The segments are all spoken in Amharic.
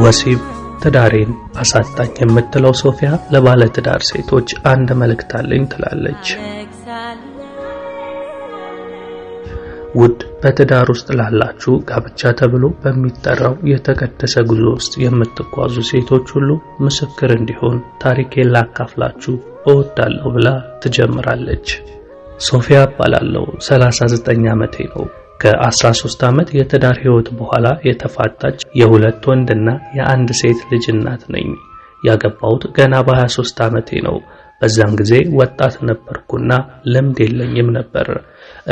ወሲብ ትዳሬን አሳጣኝ የምትለው ሶፊያ ለባለ ትዳር ሴቶች አንድ መልእክት አለኝ ትላለች። ውድ በትዳር ውስጥ ላላችሁ ጋብቻ ተብሎ በሚጠራው የተቀደሰ ጉዞ ውስጥ የምትጓዙ ሴቶች ሁሉ ምስክር እንዲሆን ታሪኬን ላካፍላችሁ እወዳለሁ ብላ ትጀምራለች። ሶፊያ እባላለሁ፣ 39 ዓመቴ ነው። ከ13 ዓመት የትዳር ህይወት በኋላ የተፋታች የሁለት ወንድና የአንድ ሴት ልጅ እናት ነኝ። ያገባሁት ገና በ23 ዓመቴ ነው። በዛን ጊዜ ወጣት ነበርኩና ልምድ የለኝም ነበር።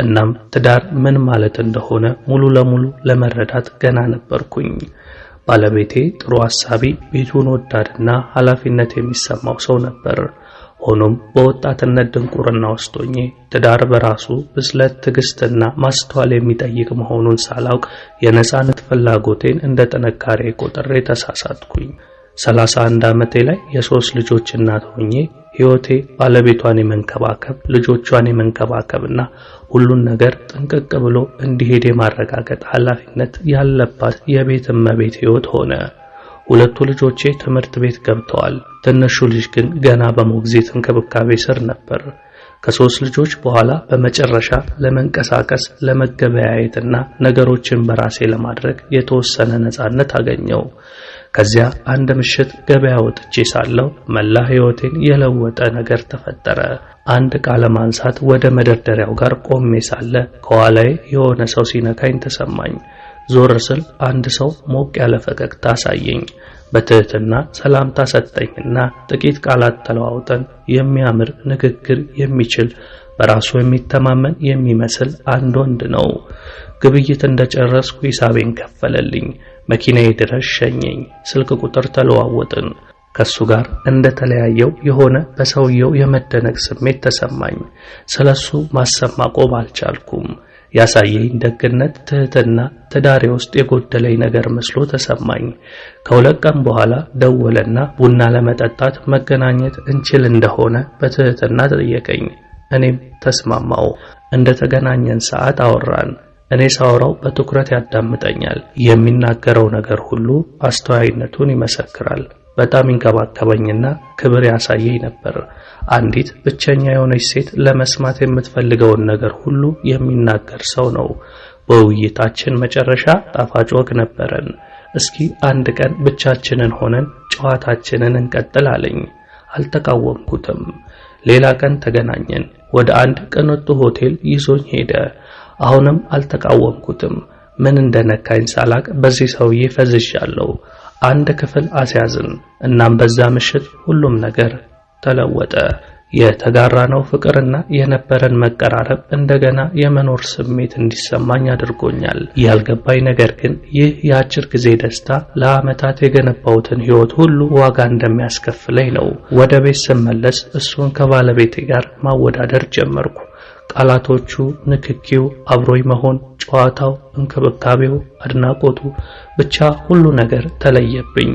እናም ትዳር ምን ማለት እንደሆነ ሙሉ ለሙሉ ለመረዳት ገና ነበርኩኝ። ባለቤቴ ጥሩ አሳቢ፣ ቤቱን ወዳድና ኃላፊነት የሚሰማው ሰው ነበር። ሆኖም በወጣትነት ድንቁርና ውስጥ ትዳር በራሱ ብስለት፣ ትዕግስትና ማስተዋል የሚጠይቅ መሆኑን ሳላውቅ የነፃነት ፍላጎቴን እንደ ጥንካሬ ቆጥሬ ተሳሳትኩኝ። 31 ዓመቴ ላይ የሶስት ልጆች እናት ሆኜ ሕይወቴ ባለቤቷን የመንከባከብ ልጆቿን የመንከባከብና ሁሉን ነገር ጥንቅቅ ብሎ እንዲሄድ የማረጋገጥ ኃላፊነት ያለባት የቤት እመቤት ሕይወት ሆነ። ሁለቱ ልጆቼ ትምህርት ቤት ገብተዋል። ትንሹ ልጅ ግን ገና በሞግዚት እንክብካቤ ስር ነበር። ከሶስት ልጆች በኋላ በመጨረሻ ለመንቀሳቀስ ለመገበያየትና ነገሮችን በራሴ ለማድረግ የተወሰነ ነጻነት አገኘው። ከዚያ አንድ ምሽት ገበያ ወጥቼ ሳለው፣ መላ ሕይወቴን የለወጠ ነገር ተፈጠረ። አንድ ዕቃ ለማንሳት ወደ መደርደሪያው ጋር ቆሜ ሳለ ከኋላዬ የሆነ ሰው ሲነካኝ ተሰማኝ። ዞር ስል አንድ ሰው ሞቅ ያለ ፈገግታ አሳየኝ። በትህትና ሰላምታ ሰጠኝና ጥቂት ቃላት ተለዋውጠን የሚያምር ንግግር የሚችል በራሱ የሚተማመን የሚመስል አንድ ወንድ ነው። ግብይት እንደጨረስኩ ሂሳቤን ከፈለልኝ። መኪናዬ ድረስ ሸኘኝ። ስልክ ቁጥር ተለዋወጥን። ከሱ ጋር እንደተለያየው የሆነ በሰውየው የመደነቅ ስሜት ተሰማኝ። ስለሱ ማሰብ ማቆም አልቻልኩም። ያሳየኝ ደግነት፣ ትህትና ትዳሬ ውስጥ የጎደለኝ ነገር መስሎ ተሰማኝ። ከሁለት ቀን በኋላ ደወለና ቡና ለመጠጣት መገናኘት እንችል እንደሆነ በትህትና ጠየቀኝ። እኔም ተስማማው። እንደተገናኘን ሰዓት አወራን። እኔ ሳወራው በትኩረት ያዳምጠኛል። የሚናገረው ነገር ሁሉ አስተዋይነቱን ይመሰክራል። በጣም ይንከባከበኝና ክብር ያሳየኝ ነበር። አንዲት ብቸኛ የሆነች ሴት ለመስማት የምትፈልገውን ነገር ሁሉ የሚናገር ሰው ነው። በውይይታችን መጨረሻ ጣፋጭ ወግ ነበረን። እስኪ አንድ ቀን ብቻችንን ሆነን ጨዋታችንን እንቀጥል አለኝ። አልተቃወምኩትም። ሌላ ቀን ተገናኘን። ወደ አንድ ቅንጡ ሆቴል ይዞኝ ሄደ። አሁንም አልተቃወምኩትም። ምን እንደነካኝ ሳላቅ በዚህ ሰውዬ ፈዝዣለሁ። አንድ ክፍል አስያዝን። እናም በዛ ምሽት ሁሉም ነገር ተለወጠ። የተጋራነው ፍቅርና የነበረን መቀራረብ እንደገና የመኖር ስሜት እንዲሰማኝ አድርጎኛል። ያልገባኝ ነገር ግን ይህ የአጭር ጊዜ ደስታ ለዓመታት የገነባሁትን ሕይወት ሁሉ ዋጋ እንደሚያስከፍለኝ ነው። ወደ ቤት ስመለስ እሱን ከባለቤቴ ጋር ማወዳደር ጀመርኩ። ቃላቶቹ፣ ንክኪው፣ አብሮኝ መሆን፣ ጨዋታው እንክብካቤው፣ አድናቆቱ ብቻ ሁሉ ነገር ተለየብኝ።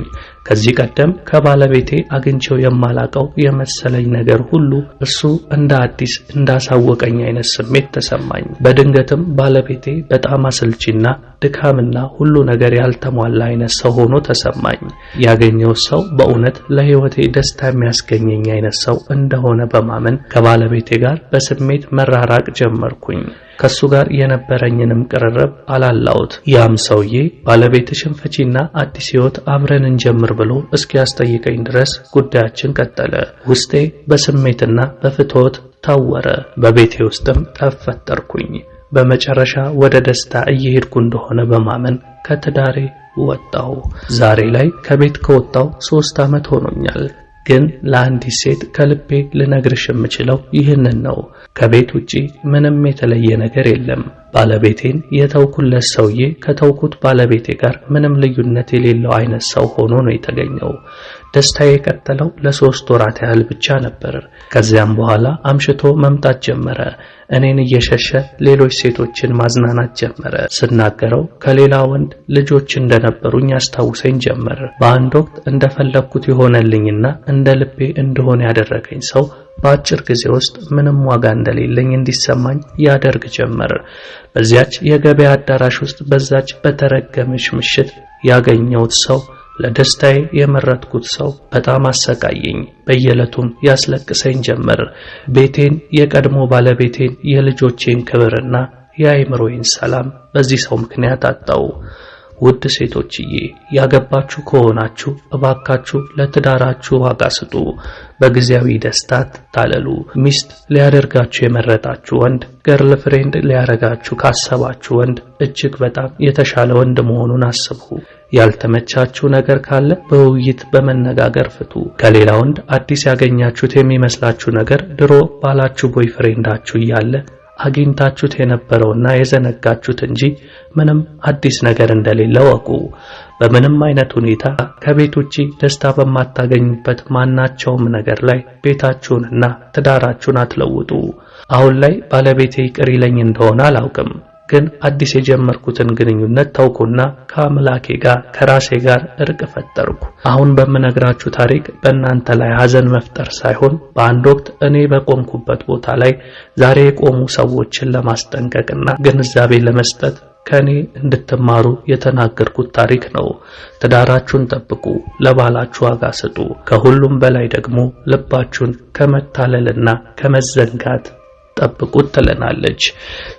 ከዚህ ቀደም ከባለቤቴ አግኝቼው የማላቀው የመሰለኝ ነገር ሁሉ እርሱ እንደ አዲስ እንዳሳወቀኝ አይነት ስሜት ተሰማኝ። በድንገትም ባለቤቴ በጣም አሰልቺና ድካምና ሁሉ ነገር ያልተሟላ አይነት ሰው ሆኖ ተሰማኝ። ያገኘው ሰው በእውነት ለሕይወቴ ደስታ የሚያስገኘኝ አይነት ሰው እንደሆነ በማመን ከባለቤቴ ጋር በስሜት መራራቅ ጀመርኩኝ። ከሱ ጋር የነበረኝንም ቅርርብ አላላውት። ያም ሰውዬ ባለቤትሽን ፍቺና አዲስ ሕይወት አብረን እንጀምር ብሎ እስኪያስጠይቀኝ ድረስ ጉዳያችን ቀጠለ። ውስጤ በስሜትና በፍትወት ታወረ። በቤቴ ውስጥም ተፈጠርኩኝ በመጨረሻ ወደ ደስታ እየሄድኩ እንደሆነ በማመን ከትዳሬ ወጣሁ። ዛሬ ላይ ከቤት ከወጣሁ ሶስት ዓመት ሆኖኛል። ግን ለአንዲት ሴት ከልቤ ልነግርሽ የምችለው ይህንን ነው። ከቤት ውጪ ምንም የተለየ ነገር የለም። ባለቤቴን የተውኩለት ሰውዬ ከተውኩት ባለቤቴ ጋር ምንም ልዩነት የሌለው አይነት ሰው ሆኖ ነው የተገኘው። ደስታዬ የቀጠለው ለሶስት ወራት ያህል ብቻ ነበር። ከዚያም በኋላ አምሽቶ መምጣት ጀመረ። እኔን እየሸሸ ሌሎች ሴቶችን ማዝናናት ጀመረ። ስናገረው ከሌላ ወንድ ልጆች እንደነበሩኝ ያስታውሰኝ ጀመር። በአንድ ወቅት እንደፈለግኩት የሆነልኝና እንደ ልቤ እንደሆነ ያደረገኝ ሰው በአጭር ጊዜ ውስጥ ምንም ዋጋ እንደሌለኝ እንዲሰማኝ ያደርግ ጀመር። በዚያች የገበያ አዳራሽ ውስጥ በዛች በተረገመች ምሽት ያገኘሁት ሰው ለደስታዬ የመረጥኩት ሰው በጣም አሰቃየኝ። በየዕለቱም ያስለቅሰኝ ጀመር። ቤቴን፣ የቀድሞ ባለቤቴን፣ የልጆቼን ክብርና የአእምሮዬን ሰላም በዚህ ሰው ምክንያት አጣው። ውድ ሴቶችዬ ያገባችሁ ከሆናችሁ እባካችሁ ለትዳራችሁ ዋጋ ስጡ። በጊዜያዊ ደስታ ታለሉ። ሚስት ሊያደርጋችሁ የመረጣችሁ ወንድ፣ ገርል ፍሬንድ ሊያረጋችሁ ካሰባችሁ ወንድ እጅግ በጣም የተሻለ ወንድ መሆኑን አስቡ። ያልተመቻችሁ ነገር ካለ በውይይት በመነጋገር ፍቱ። ከሌላ ወንድ አዲስ ያገኛችሁት የሚመስላችሁ ነገር ድሮ ባላችሁ ቦይ ፍሬንዳችሁ እያለ አግኝታችሁት የነበረውና የዘነጋችሁት እንጂ ምንም አዲስ ነገር እንደሌለ ወቁ። በምንም አይነት ሁኔታ ከቤት ውጪ ደስታ በማታገኙበት ማናቸውም ነገር ላይ ቤታችሁንና ትዳራችሁን አትለውጡ። አሁን ላይ ባለቤቴ ይቅር ይለኝ እንደሆነ አላውቅም ግን አዲስ የጀመርኩትን ግንኙነት ተውኩና ከአምላኬ ጋር ከራሴ ጋር እርቅ ፈጠርኩ። አሁን በምነግራችሁ ታሪክ በእናንተ ላይ ሐዘን መፍጠር ሳይሆን በአንድ ወቅት እኔ በቆምኩበት ቦታ ላይ ዛሬ የቆሙ ሰዎችን ለማስጠንቀቅና ግንዛቤ ለመስጠት ከኔ እንድትማሩ የተናገርኩት ታሪክ ነው። ትዳራችሁን ጠብቁ፣ ለባላችሁ ዋጋ ስጡ። ከሁሉም በላይ ደግሞ ልባችሁን ከመታለልና ከመዘንጋት ጠብቁት ትለናለች።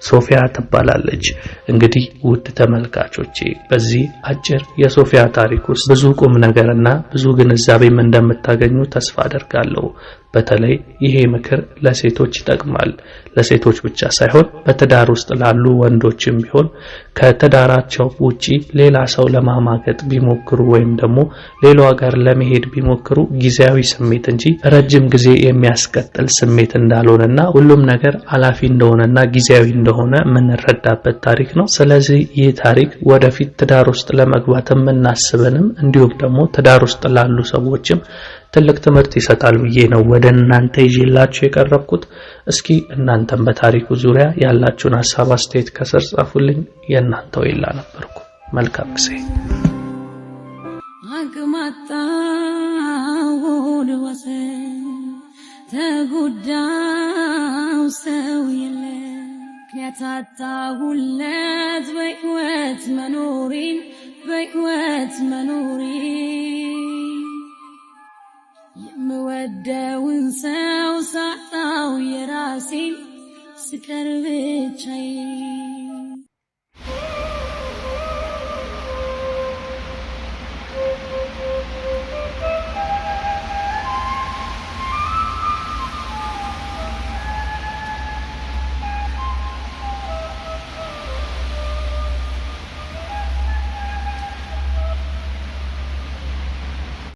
ሶፊያ ትባላለች። እንግዲህ ውድ ተመልካቾቼ በዚህ አጭር የሶፊያ ታሪክ ውስጥ ብዙ ቁም ነገርና ብዙ ግንዛቤም እንደምታገኙ ተስፋ አደርጋለሁ። በተለይ ይሄ ምክር ለሴቶች ይጠቅማል። ለሴቶች ብቻ ሳይሆን በትዳር ውስጥ ላሉ ወንዶችም ቢሆን ከትዳራቸው ውጪ ሌላ ሰው ለማማገጥ ቢሞክሩ ወይም ደግሞ ሌላዋ ጋር ለመሄድ ቢሞክሩ ጊዜያዊ ስሜት እንጂ ረጅም ጊዜ የሚያስቀጥል ስሜት እንዳልሆነና ሁሉም ነገር ነገር አላፊ እንደሆነና ጊዜያዊ እንደሆነ የምንረዳበት ታሪክ ነው። ስለዚህ ይህ ታሪክ ወደፊት ትዳር ውስጥ ለመግባት የምናስበንም እንዲሁም ደግሞ ትዳር ውስጥ ላሉ ሰዎችም ትልቅ ትምህርት ይሰጣል ብዬ ነው ወደ እናንተ ይዤላችሁ የቀረብኩት። እስኪ እናንተም በታሪኩ ዙሪያ ያላችሁን ሀሳብ፣ አስተያየት ከስር ጻፉልኝ። የእናንተው ይላ ነበርኩ። መልካም ጊዜ። አቅም አጣሁ ተጎዳው ሰው የለ ያታጣሁለት በሕይወት መኖሬን በሕይወት መኖሬ የምወደውን ሰው ሳጣው የራሴን ስቀር ብቻዬ